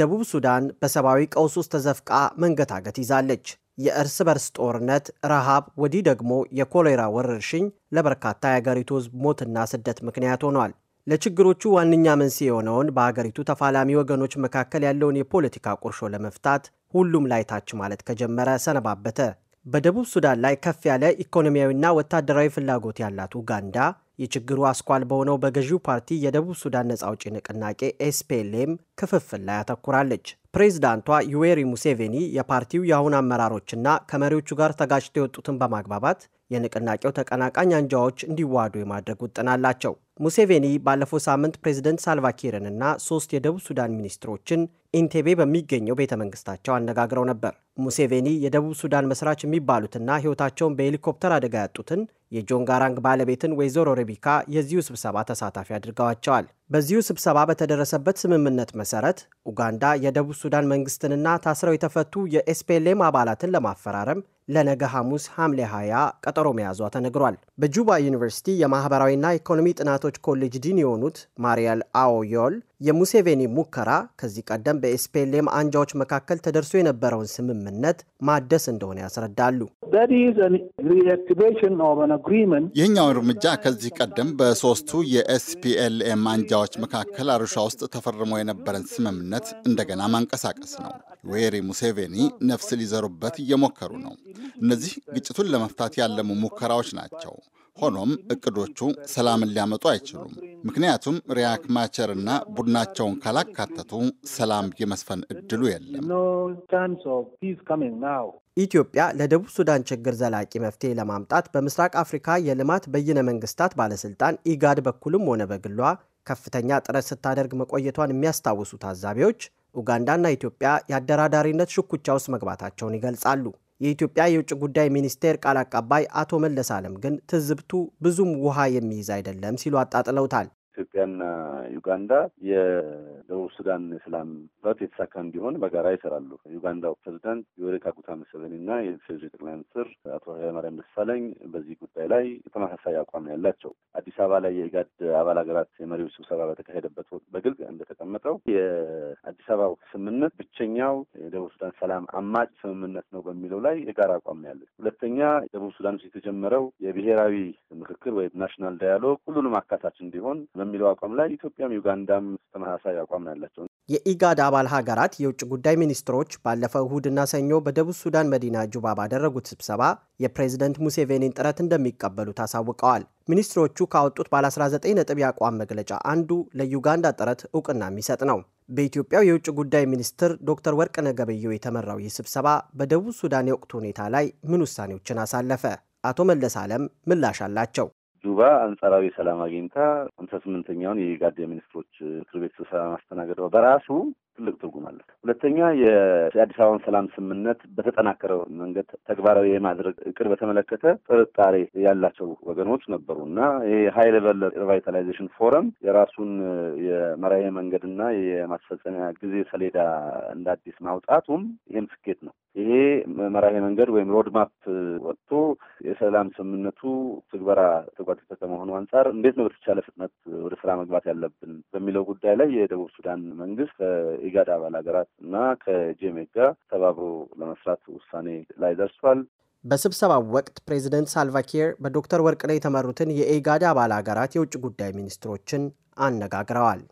ደቡብ ሱዳን በሰብአዊ ቀውስ ውስጥ ተዘፍቃ መንገታገት ይዛለች። የእርስ በርስ ጦርነት፣ ረሃብ፣ ወዲህ ደግሞ የኮሌራ ወረርሽኝ ለበርካታ የአገሪቱ ሕዝብ ሞትና ስደት ምክንያት ሆኗል። ለችግሮቹ ዋነኛ መንስኤ የሆነውን በአገሪቱ ተፋላሚ ወገኖች መካከል ያለውን የፖለቲካ ቁርሾ ለመፍታት ሁሉም ላይ ታች ማለት ከጀመረ ሰነባበተ። በደቡብ ሱዳን ላይ ከፍ ያለ ኢኮኖሚያዊና ወታደራዊ ፍላጎት ያላት ኡጋንዳ የችግሩ አስኳል በሆነው በገዢው ፓርቲ የደቡብ ሱዳን ነጻ አውጪ ንቅናቄ ኤስፒኤልኤም ክፍፍል ላይ አተኩራለች። ፕሬዚዳንቷ ዩዌሪ ሙሴቬኒ የፓርቲው የአሁን አመራሮችና ከመሪዎቹ ጋር ተጋጭተው የወጡትን በማግባባት የንቅናቄው ተቀናቃኝ አንጃዎች እንዲዋሃዱ የማድረግ ውጥን አላቸው። ሙሴቬኒ ባለፈው ሳምንት ፕሬዚደንት ሳልቫኪርንና ሶስት የደቡብ ሱዳን ሚኒስትሮችን ኢንቴቤ በሚገኘው ቤተ መንግስታቸው አነጋግረው ነበር። ሙሴቬኒ የደቡብ ሱዳን መስራች የሚባሉትና ሕይወታቸውን በሄሊኮፕተር አደጋ ያጡትን የጆንጋራንግ ባለቤትን ወይዘሮ ሬቢካ የዚሁ ስብሰባ ተሳታፊ አድርገዋቸዋል። በዚሁ ስብሰባ በተደረሰበት ስምምነት መሰረት ኡጋንዳ የደቡብ ሱዳን መንግስትንና ታስረው የተፈቱ የኤስፔሌም አባላትን ለማፈራረም ለነገ ሐሙስ ሐምሌ 20 ቀጠሮ መያዟ ተነግሯል። በጁባ ዩኒቨርሲቲ የማኅበራዊና ኢኮኖሚ ጥናቶች ኮሌጅ ዲን የሆኑት ማሪያል አዮል የሙሴቬኒ ሙከራ ከዚህ ቀደም በኤስፔሌም አንጃዎች መካከል ተደርሶ የነበረውን ስምምነት ማደስ እንደሆነ ያስረዳሉ። ይህኛው እርምጃ ከዚህ ቀደም በሶስቱ የኤስፒኤልኤም አንጃዎች መካከል አርሻ ውስጥ ተፈርሞ የነበረን ስምምነት እንደገና ማንቀሳቀስ ነው። ዌሪ ሙሴቬኒ ነፍስ ሊዘሩበት እየሞከሩ ነው። እነዚህ ግጭቱን ለመፍታት ያለሙ ሙከራዎች ናቸው። ሆኖም እቅዶቹ ሰላምን ሊያመጡ አይችሉም። ምክንያቱም ሪያክ ማቸርና ቡድናቸውን ካላካተቱ ሰላም የመስፈን እድሉ የለም። ኢትዮጵያ ለደቡብ ሱዳን ችግር ዘላቂ መፍትሄ ለማምጣት በምስራቅ አፍሪካ የልማት በይነ መንግስታት ባለስልጣን ኢጋድ በኩልም ሆነ በግሏ ከፍተኛ ጥረት ስታደርግ መቆየቷን የሚያስታውሱ ታዛቢዎች ኡጋንዳና ኢትዮጵያ የአደራዳሪነት ሽኩቻ ውስጥ መግባታቸውን ይገልጻሉ። የኢትዮጵያ የውጭ ጉዳይ ሚኒስቴር ቃል አቀባይ አቶ መለስ አለም ግን ትዝብቱ ብዙም ውሃ የሚይዝ አይደለም ሲሉ አጣጥለውታል። ኢትዮጵያና ዩጋንዳ የደቡብ ሱዳን ሰላም ጥረት የተሳካ እንዲሆን በጋራ ይሰራሉ። ዩጋንዳው ፕሬዚዳንት ዮዌሪ ካጉታ ሙሴቬኒ እና የኢፌዴሪ ጠቅላይ ሚኒስትር አቶ ኃይለማርያም ደሳለኝ በዚህ ጉዳይ ላይ ተመሳሳይ አቋም ነው ያላቸው። አዲስ አበባ ላይ የኢጋድ አባል ሀገራት የመሪዎች ስብሰባ በተካሄደበት ወቅት በግልጽ እንደተቀመጠው ሰባው ስምምነት ብቸኛው የደቡብ ሱዳን ሰላም አማጭ ስምምነት ነው በሚለው ላይ የጋራ አቋም ያለ። ሁለተኛ ደቡብ ሱዳን ውስጥ የተጀመረው የብሔራዊ ምክክር ወይም ናሽናል ዳያሎግ ሁሉንም አካታች እንዲሆን በሚለው አቋም ላይ ኢትዮጵያም ዩጋንዳም ተመሳሳይ አቋም ነው ያላቸው። የኢጋድ አባል ሀገራት የውጭ ጉዳይ ሚኒስትሮች ባለፈው እሁድና ሰኞ በደቡብ ሱዳን መዲና ጁባ ባደረጉት ስብሰባ የፕሬዝደንት ሙሴቬኒን ጥረት እንደሚቀበሉ ታሳውቀዋል። ሚኒስትሮቹ ካወጡት ባለ 19 ነጥብ የአቋም መግለጫ አንዱ ለዩጋንዳ ጥረት እውቅና የሚሰጥ ነው። በኢትዮጵያው የውጭ ጉዳይ ሚኒስትር ዶክተር ወርቅነህ ገበየሁ የተመራው ይህ ስብሰባ በደቡብ ሱዳን የወቅቱ ሁኔታ ላይ ምን ውሳኔዎችን አሳለፈ? አቶ መለስ ዓለም ምላሽ አላቸው። ጁባ አንጻራዊ ሰላም አግኝታ ሃምሳ ስምንተኛውን የጋድ የሚኒስትሮች ምክር ቤት ስብሰባ ማስተናገዷ በራሱ ትልቅ ትርጉም አለ። ሁለተኛ የአዲስ አበባን ሰላም ስምምነት በተጠናከረው መንገድ ተግባራዊ የማድረግ እቅድ በተመለከተ ጥርጣሬ ያላቸው ወገኖች ነበሩ እና ይህ ሃይ ሌቨል ሪቫይታላይዜሽን ፎረም የራሱን የመራዊ መንገድና የማስፈጸሚያ ጊዜ ሰሌዳ እንደ አዲስ ማውጣቱም ይህም ስኬት ነው። ይሄ መራዊ መንገድ ወይም ሮድማፕ ወጥቶ የሰላም ስምምነቱ ትግበራ ተጓተተ ከመሆኑ አንጻር እንዴት ነው በተቻለ ፍጥነት ወደ ስራ መግባት ያለብን በሚለው ጉዳይ ላይ የደቡብ ሱዳን መንግስት ከኢጋድ አባል ሀገራት እና ከጄሜክ ጋር ተባብሮ ለመስራት ውሳኔ ላይ ደርሷል። በስብሰባው ወቅት ፕሬዚደንት ሳልቫኪር በዶክተር ወርቅነህ የተመሩትን የኢጋድ አባል ሀገራት የውጭ ጉዳይ ሚኒስትሮችን አነጋግረዋል።